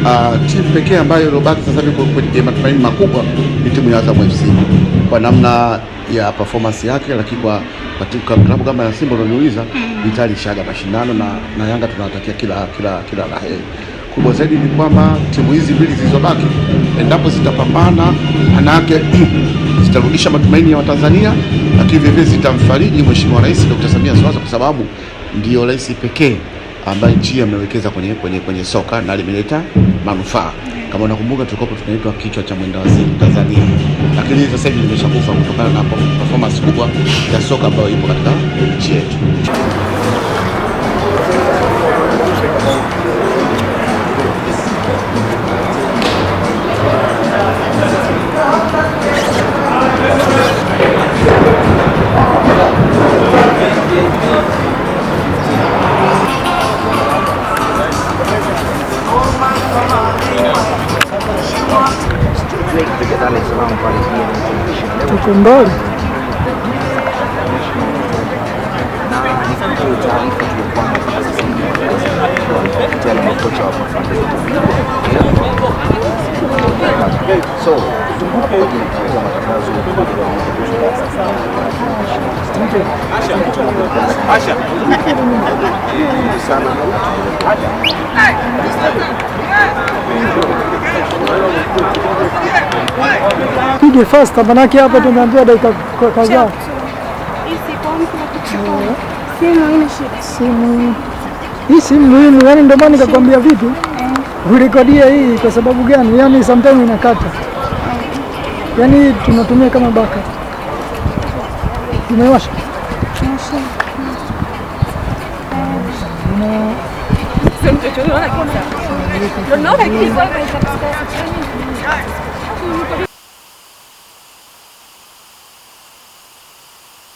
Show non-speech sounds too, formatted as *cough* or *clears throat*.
uh, timu pekee ambayo iliobaki sasa hivi kwenye matumaini makubwa ni timu ya Azam FC kwa namna ya performance yake, lakini kwa katika klabu kama ya Simba mm. itali shaga mashindano na, na Yanga tunawatakia kila kila kila la heri. Kubwa zaidi ni kwamba timu hizi mbili zilizobaki endapo zitapambana, manake *clears throat* zitarudisha matumaini ya Watanzania, lakini vilevile zitamfariji Mheshimiwa Rais Dr. Samia Suluhu kwa sababu ndiyo rais pekee ambaye nchi amewekeza kwenye, kwenye, kwenye soka na limeleta manufaa. Kama unakumbuka tulikuwa tunaitwa kichwa cha mwenda wazimu Tanzania, lakini sasa hivi nimeshakufa kutokana na performance kubwa ya soka ambayo ipo katika nchi yetu. Dar es Salaam pale Mkombole sana tupige fasta, manake hapa tumeambiwa dakika kadhaa. Simu hii si muhimu, yaani ndio maana nikakwambia vitu ulikodie hii. Kwa sababu gani? Yaani sometimes inakata, yaani tunatumia kama baka. Umewasha